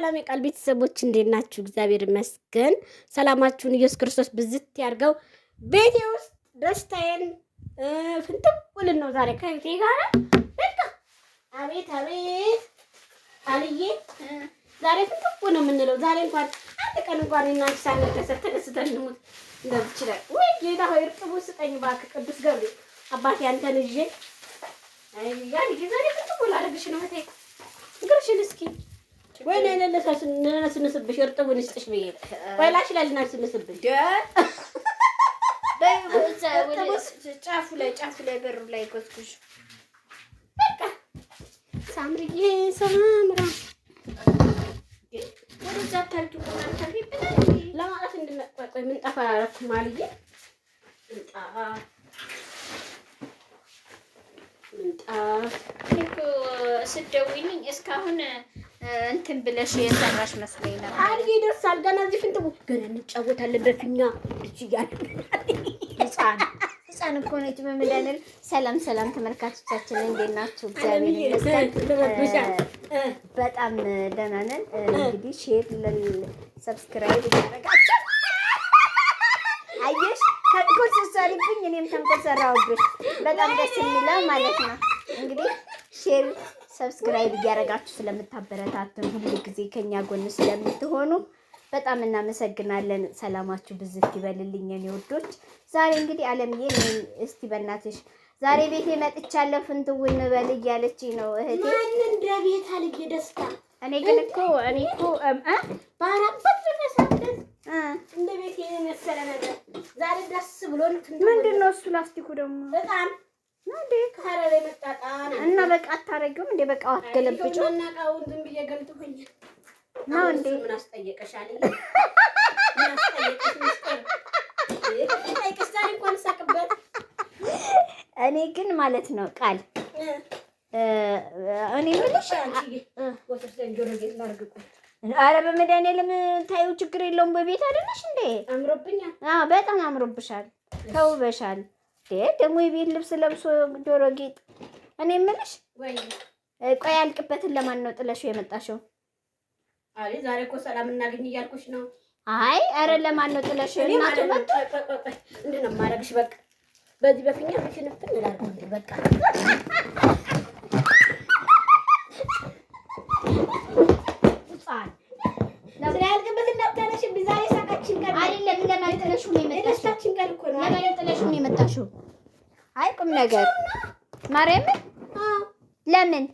ሰላም የቃል ቤተሰቦች እንዴት ናችሁ? እግዚአብሔር ይመስገን። ሰላማችሁን ኢየሱስ ክርስቶስ ብዝት ያድርገው። ቤቴ ውስጥ ደስታዬን ፍንጥቁልን ነው ዛሬ ከቤቴ ጋር በቃ አቤት አቤት አልዬ ዛሬ ፍንጥቁ ነው የምንለው። ዛሬ እንኳን አንድ ቀን እንኳን እናንቺ ሳንደሰት ተደስተን እንሙት እንደዚህ ይችላል ወይ ጌታ ሆይ እርጥቡ ስጠኝ እባክህ ቅዱስ ገብርኤል አባቴ አንተን ይዤ አይ ያ ልጅ ዛሬ ፍንጥቁ ላደርግሽ ነው እህቴ ግርሽን እስኪ ወይ ነነስንስብሽ እርጥቡን ይስጥሽ ብዬ ወይላሽ ላይ ልናስንስብሽ ጫፉ ላይ ጫፉ ላይ በሩ ላይ ጎትጉሽ። በቃ ሳምርዬ ሰማምራ ወደዛ ታሪቱ ለማለት እንድንቆይ ምንጣፍ አላረኩ ማልዬ ምንጣፍ ምንጣፍ ስትደውይልኝ እስካሁን እንትን ብለሽ የሰራሽ መስለኝ ነበር። አድጌ ይደርሳል ገና እዚህ ፍንጥቡ ገና እንጫወታለን በፊኛ እጅ እያለ ህፃን ህፃን እኮ ነች። በመድኃኒዓለም ሰላም ሰላም፣ ተመልካቾቻችን እንዴት ናችሁ? በጣም ደህና ነን። እንግዲህ ሼር ለል ሰብስክራይብ እያደረጋችሁ አየሽ፣ ተንኮል ስትሰሪብኝ እኔም ተንኮል ሰራሁብሽ። በጣም ደስ የሚለው ማለት ነው እንግዲህ ሼር ሰብስክራይብ እያደረጋችሁ ስለምታበረታትን ሁሉ ጊዜ ከኛ ጎን ስለምትሆኑ በጣም እናመሰግናለን። ሰላማችሁ ብዝት ይበልልኝ የኔ ውዶች። ዛሬ እንግዲህ አለምዬ እስቲ በእናትሽ ዛሬ ቤቴ መጥቻለሁ ፍንትው እንበል እያለችኝ ነው እህቴ። ማን እንደ ቤት አልጌ ደስታ እኔ ግን እኮ እኔ እኮ እንደ ቤት የመሰለ ነገር ዛሬ ደስ ብሎን ምንድን ነው እሱ ላስቲኩ ደግሞ በጣም እና በቃ አታረጊውም እንዴ? በቃ አትገለብጪው ነው እንዴ? እኔ ግን ማለት ነው ቃል እኔ የምልሽ አረ በመድኃኒዓለም ታየው ችግር የለውም። በቤት አይደለሽ እንዴ? አምሮብኛል። አዎ በጣም አምሮብሻል፣ ተውበሻል። ደግሞ የቤት ልብስ ለብሶ ጆሮ ጌጥ። እኔ የምልሽ ቆይ ያልቅበትን ለማን ነው ጥለሽው የመጣሽው? ዛሬ እኮ ሰላም እናገኝ እያልኩሽ ነው። አይ ኧረ ለማን ነው ጥለሽው? እናቱ መጣ። እንዴት ነው የማደርግሽ? በቃ በዚህ በፊኛ ምሽንፍን ላርኩ እንዴ በቃ ለደስታችን ቀን ነው የመጣሽው። አይ ቁም ነገር ማርያም። ለምን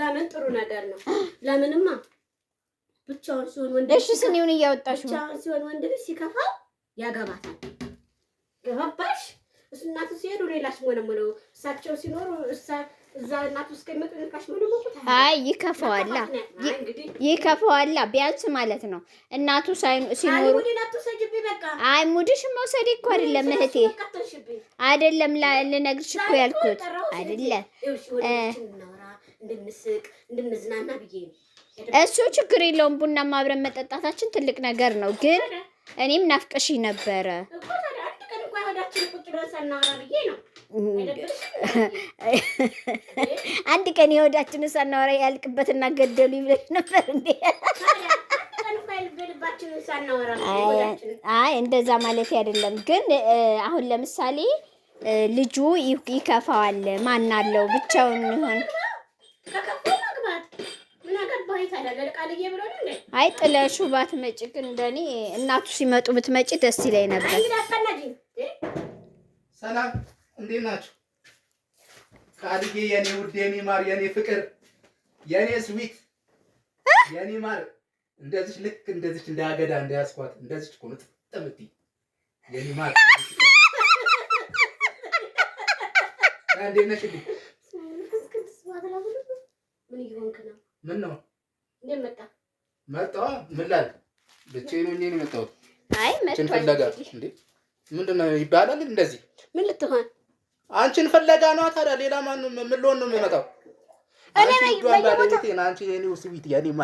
ለምን ጥሩ ነገር ነው። ለምንማ ብቻውን ሲሆን ወንድ እሺ፣ ስኒውን እያወጣሽ ብቻውን ሲሆን ወንድ ልጅ ሲከፋው ያገባታል። ገባባሽ? እናቱ ሲሄዱ ሌላሽ ሆነ ነው እሳቸው ሲኖሩ አይ ይከፋዋላ፣ ይከፋዋላ ቢያንስ ማለት ነው። እናቱ ሲኖሩ አይ ሙድሽን መውሰድ እኮ አይደለም እህቴ፣ አይደለም ልነግርሽ እኮ ያልኩት አይደለም። እሱ ችግር የለውም። ቡናማ አብረን መጠጣታችን ትልቅ ነገር ነው። ግን እኔም ናፍቀሽ ነበረ። አንድ ቀን የወዳችን ሳናወራ ያልቅበትና ገደሉ ይብለሽ ነበር እንዴ? አይ እንደዛ ማለት አይደለም። ግን አሁን ለምሳሌ ልጁ ይከፋዋል። ማን አለው ብቻውን ይሆን? አይ ጥለሹ ባትመጪ ግን እንደኔ እናቱ ሲመጡ ብትመጪ ደስ ይለኝ ነበር። እንዴት ናችሁ? ቃልጌ የኔ ውድ የኔ ማር የኔ ፍቅር የኔ ስዊት የኔ ማር እንደዚች ልክ እንደዚች እንዳያገዳ እንዳያስኳት እንደዚህ እኮ ነው የኔ ማር እንዴት ነሽ? ምን ነው ምን ላል ነው የመጣሁት። አይ ምንድን ነው ይባላል እንደዚህ ምን ልትሆን አንቺን ፍለጋ ነዋ። ታዲያ ሌላ ማን ምን ልሆን ነው የሚመጣው? እኔ ነኝ በየቦታው አንቺ የኔ ውስቢት የኔ ማ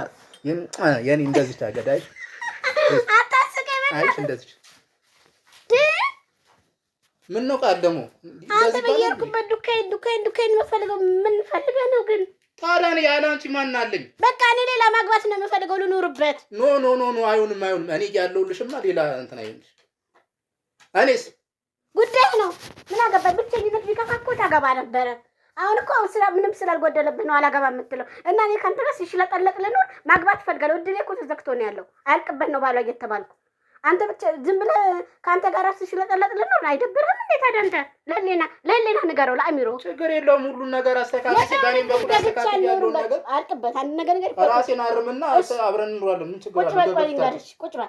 የኔ እንደዚህ ታገዳይ አታስቀኝ። አይሽ እንደዚህ ምን ነው ቃል ደግሞ አንተ በየሄድኩበት ዱካይን ዱካይን ዱካይን የምፈልገው ምን ፈልገህ ነው ግን? ታዲያ እኔ ያለ አንቺ ማን አለኝ? በቃ እኔ ሌላ ማግባት ነው የምፈልገው ልኑርበት። ኖ ኖ ኖ ኖ አይሆንም አይሆንም። እኔ ያለሁልሽማ ሌላ እንትን አይሆንሽ እኔስ ጉዳይ ነው። ምን አገባኝ? ብቸኝነት ቢከፋ እኮ ታገባ ነበረ። አሁን እኮ አሁን ምንም ስላልጎደለብህ ነው አላገባ የምትለው እና እኔ ከአንተ ጋር ሲሽለጠለቅ ልኖር ማግባት እፈልጋለሁ። እድሌ እኮ ተዘግቶ ነው ያለው። አያልቅበት ነው ባሏ እየተባልኩ አንተ ብቻ ዝም ብለህ ከአንተ ጋር ሲሽለጠለቅ ልኖር አይደብርህም? እንዴት አደንተ ለሌና ለሌና ንገረው፣ ለአሚሮ ችግር የለውም። ሁሉን ነገር አስተካክል። ነገር አንድ ነገር ነገር ራሴን አርምና አብረን እንኖራለን። ምን ችግር አለ? ቁጭ በል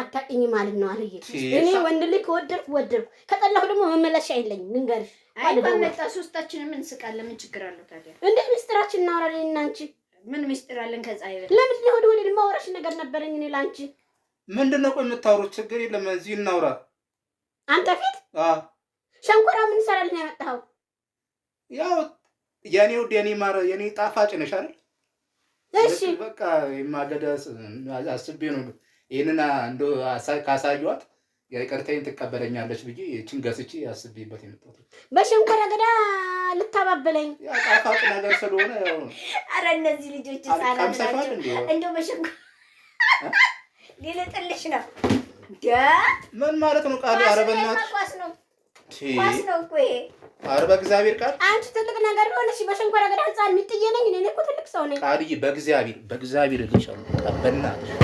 አታውቂኝ ማለት ነው አልዬ። እኔ ወንድ ልጅ ከወደድኩ ወደድኩ፣ ከጠላሁ ደግሞ መመለሻ የለኝም። ልንገርሽ፣ አይ ሶስታችን ምን እንስቃለን። ምን ችግር አለው ታዲያ? እንዴት ምስጢራችን እናወራለን እናንቺ ምን ምስጢር አለን? ከዛ አይበል ለምንድን ነው ወደ ወደ ማውራሽ ነገር ነበረኝ እኔ ላንቺ። ምንድን ነው? ቆይ የምታወሩት ችግር የለም፣ እዚህ እናውራ። አንተ ፊት ሸንኮራ ምን ይሰራል ነው ያመጣኸው? ያው የኔ ውድ የኔ ማር የኔ ጣፋጭ ነሽ አይደል? እሺ በቃ የማገዳ አስቤ ነው ይህንን እንዶ ካሳዩዋት ይቅርታዬን ትቀበለኛለች ብዬ ይህችን ገስቼ አስቤበት የመጣሁት በሸንኮራ አገዳ ልታባበለኝ ጣፋጭ ነገር ስለሆነ ኧረ እነዚህ ልጆች ሳላቸው እንደው በሸንኮ ሊልጥልሽ ነው። ምን ማለት ነው ቃሉ? ኧረ በእናትሽ ኳስ ነው ኳስ ነው እኮ ይሄ። ኧረ በእግዚአብሔር ቃል አንቺ ትልቅ ነገር ሆነሽ በሸንኮራ አገዳ ህፃን የሚጥዬ እኔ እኮ ትልቅ ሰው ነኝ። ቃልዬ በእግዚአብሔር በእግዚአብሔር ልሻሉ በእናትሽ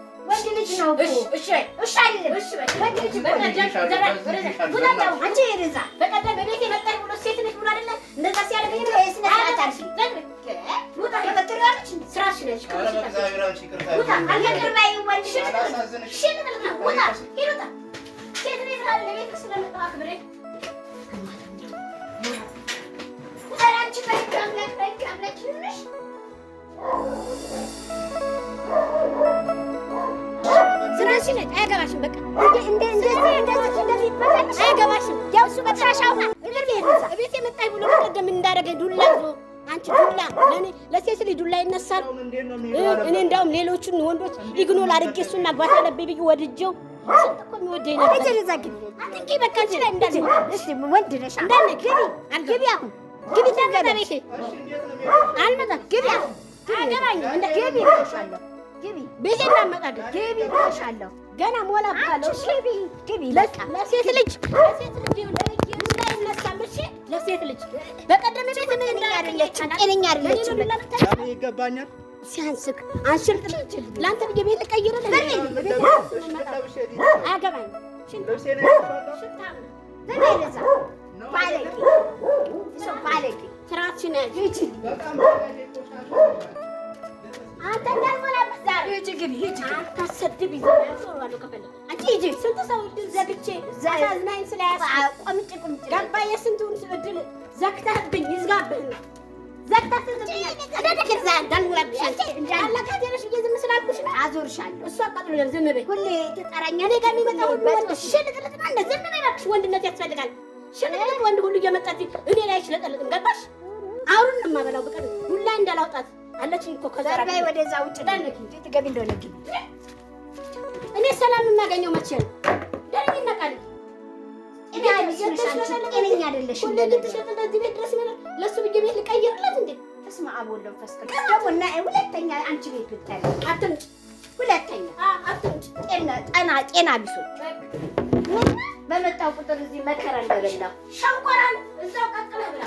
ወንድ ልጅ ነው። እሺ እሺ አይደለም። እሺ ወንድ ልጅ ነው። አንቺ ሬዛ በቀደም በቤት የመጣች ብሎ ሴት ነች ብሎ አይደለ እንደዛ ሲያደርገኝ ነው የስነ ስርዓት አልሽ። ውጣ የመጠሪያለች ስራሽ ነች። ውጣ አልገርባይ ወንድ ሽሽ ነው። ውጣ ሄዱታ ሴት ነች ስላለ ቤት ስለመጣ አክብሬ ውጣ አንቺ በህግ አምላክ በህግ አምላክ ይሁንሽ እንደዚህ ነኝ። አያገባሽም። በቃ አያገባሽም። ያው እሱ መጥራሻው ቤት የመጣኝ ብሎ በቀደም እንዳደረገኝ ዱላ ይዞ አንቺ ዱላ ለእኔ ለሴት ልጅ ዱላ ይነሳል። እኔ እንዳውም ሌሎቹን ወንዶች ይግኖል አድርጌ እሱን ማግባት አለብኝ ብዬ ወድጄው ግቢ አሁን ግቢ ግቢ ብሄድ አመጣለሁ። ግቢ እልሻለሁ። ገና ሞላብካለሁ። ግቢ ግቢ። በቃ ለሴት ልጅ ለሴት ልጅ በቀደም ቤት ምን እንዳደረገች ጤነኛ አይደለችም። ለምን ይገባኛል? ሲያንስክ አንሽርጥ ለአንተ ብዬ ቤት ቀይረልህ። አያገባኝም። ሽንታ ባለጌ ትራችን ያጅ ሂጂ ግን ሂጂ አታሰድቢ። ሂጂ። ስንት ሰው እድል ዘግቼ አሳዝናኝ ስለያዝኩት ገባ። የስንቱን እድል ዘግተህብኝ ይዝጋብህ ወንድነት ያስፈልጋል። ወንድ ሁሉ እየመጣች እኔ ላይ አይሽለጠልጥም። ገባሽ? አውሩን ነው የማበላው። በቀን ዱላ እንዳላውጣት አለችኝ እኮ ከዛ ወደዛ ውጭ ትገቢ እንደሆነ እኔ ሰላም የማገኘው መቼ ነው? ደረኝና ቃል ጤነኛ አይደለሽም። ለእሱ ብዬ ቤት ልቀይርላት እንዴ? እስማ አቦለው እና ሁለተኛ አንቺ ቤት ብታይ አትምጭ። ሁለተኛ አትምጭ። ጤና ጤና ቢሶች በመጣው ቁጥር እዚህ መከራ እንደበላ ሸንኮራን እዛው ቀቅለ ብላ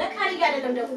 ለቃል አይደለም ደግሞ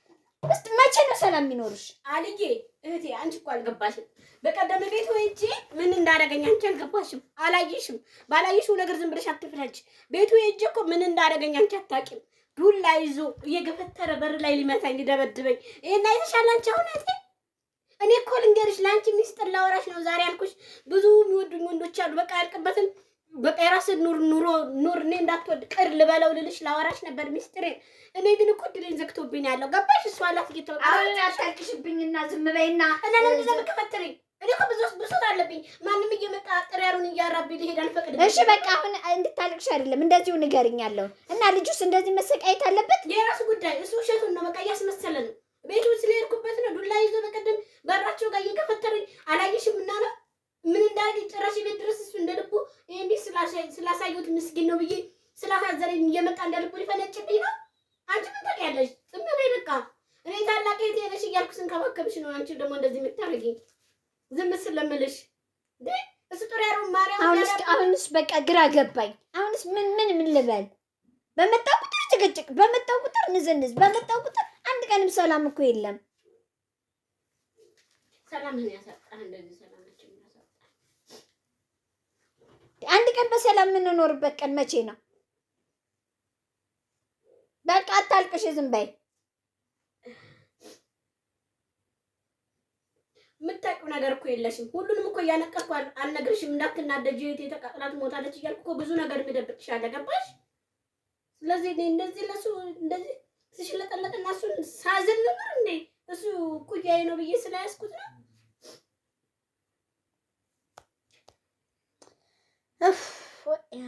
ውስጥ መቼ ነው ሰላም የሚኖርሽ? አልዬ እህቴ አንቺ እኮ አልገባሽም። በቀደም ቤት ሄጄ ምን እንዳደረገኝ አንቺ አልገባሽም፣ አላየሽም። ባላየሽው ነገር ዝም ብለሽ አትፍረጅ። ቤቱ ሄጄ እኮ ምን እንዳደረገኝ አንቺ አታውቂም። ዱላ ይዞ እየገፈተረ በር ላይ ሊመታኝ ሊደበድበኝ፣ ይሄን አይተሻል አንቺ አሁን እህቴ። እኔ እኮ ልንገርሽ፣ ለአንቺ ሚስጥር ላወራሽ ነው ዛሬ ያልኩሽ። ብዙ የሚወዱኝ ወንዶች አሉ። በቃ ያልቅበትን በጴራስ ኑር ኑሮ ኑር እኔ እንዳትወድ ቅር ልበለው ልልሽ ላወራሽ ነበር ሚስጥሬ። እኔ ግን እኮ ድልን ዘግቶብኝ ያለው ገባሽ። እሱ አላት ጌታ አሁን አታልቅሽብኝና ዝም በይና እና ለምን ዘምከፈትሪ እኔ እኮ ብዙ ብሶት አለብኝ። ማንም እየመጣ ጥሪያሩን እያራቢ ልሄድ አልፈቅድም። እሺ በቃ አሁን እንድታልቅሽ አይደለም እንደዚሁ ንገርኛለሁ። እና ልጁስ እንደዚህ መሰቃየት አለበት? የራሱ ጉዳይ እሱ ውሸቱን ነው በቃ እያስመሰለ ነው ገባኝ አሁንስ ምን ምን ምን ልበል? በመጣው ቁጥር ጭቅጭቅ፣ በመጣው ቁጥር ንዝንዝ፣ በመጣው ቁጥር አንድ ቀንም ሰላም እኮ የለም። አንድ ቀን በሰላም የምንኖርበት ቀን መቼ ነው? በቃ አታልቅሽ፣ ዝም በይ። የምታውቂው ነገር እኮ የለሽም። ሁሉንም እኮ እያነቀርኩ አልነግርሽም። እንዳትናደጂ እህቴ ተቃጥላ ትሞታለች እያልኩ እኮ ብዙ ነገር የምደብቅሻለሁ። አለገባሽ። ስለዚህ እኔ እንደዚህ ለሱ እንደዚህ ስሽለጠለጥና እሱን ሳዝን ነበር እንዴ? እሱ ኩያዬ ነው ብዬ ስለያዝኩት ነው።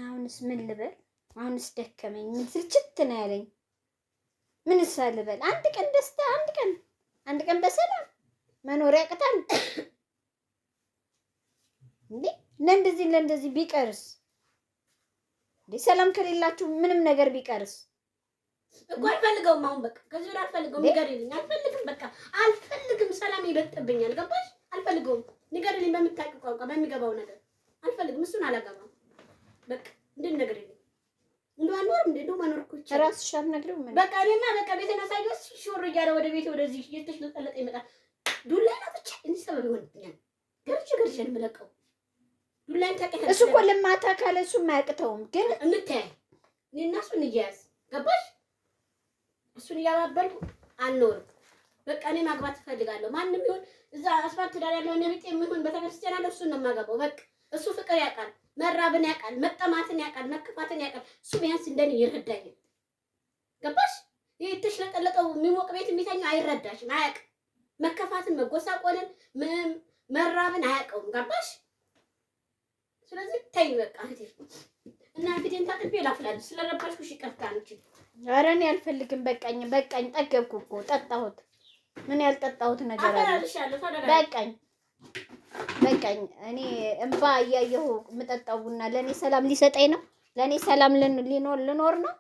አሁንስ ምን ልበል? አሁንስ ደከመኝ። ምን ስልችት ነው ያለኝ። ምንስ ልበል? አንድ ቀን ደስታ፣ አንድ ቀን አንድ ቀን በሰላም መኖሪያ ቅጠል እንዴ ለእንደዚህ ለእንደዚህ ቢቀርስ እንዴ ሰላም ከሌላችሁ ምንም ነገር ቢቀርስ እኮ አልፈልገውም። አሁን በቃ ከዚህ ወዲያ አልፈልገውም። ንገሪልኝ። አልፈልግም፣ በቃ አልፈልግም። ሰላም ይበልጥብኛል። ገባሽ? አልፈልገውም። ንገሪልኝ በምታውቂው ቋንቋ፣ በሚገባው ነገር። አልፈልግም። እሱን አላገባም። በቃ እንድን ንገሪልኝ። እንደው አልኖርም። እንደ እንደው መኖር እኮ ይችላል። እራስሽ አትነግሪውም? በቃ እኔማ በቃ ቤቴን አሳየው። እሺ ሹር እያለ ወደ ቤቴ ወደዚህ እየተሽለጠለጠ ይመጣል። ዱላይና ብቻ እንዲሰበብ ይሆንብኛል። ገርጅ ገርጅ የምለቀው ዱላይን ታቀታ እሱ እኮ ልማታ ካለ እሱ የማያቅተውም ግን እንታያል። እኔና እሱን እያያዝ ገባሽ? እሱን እያባበልኩ አልኖርም። በቃ እኔ ማግባት እፈልጋለሁ። ማንም ይሁን እዛ አስፋልት ዳር ያለው ነብጤ የሚሆን ቤተክርስቲያን አለ። እሱን ነው የማገባው። በቃ እሱ ፍቅር ያውቃል፣ መራብን ያውቃል፣ መጠማትን ያውቃል፣ መከፋትን ያውቃል። እሱ ቢያንስ እንደኔ ይረዳኛል። ገባሽ? ይህ የተሽለጠለጠው የሚሞቅ ቤት የሚተኛው አይረዳሽም፣ አያውቅም መከፋትን፣ መጎሳቆልን፣ መራብን አያውቀውም። ገባሽ? ስለዚህ ተይ በቃ እህቴ እና እንግዲህ ታጥቤ ላፍላለሁ። ስለረባሽኩሽ ይቅርታ። አንቺ ኧረ እኔ አልፈልግም። በቃኝ፣ በቃኝ። ጠገብኩ እኮ ጠጣሁት። ምን ያልጠጣሁት ነገር አለ? በቃኝ፣ በቃኝ። እኔ እንባ እያየሁ የምጠጣው ቡና ለእኔ ሰላም ሊሰጠኝ ነው። ለእኔ ሰላም ልኖር ነው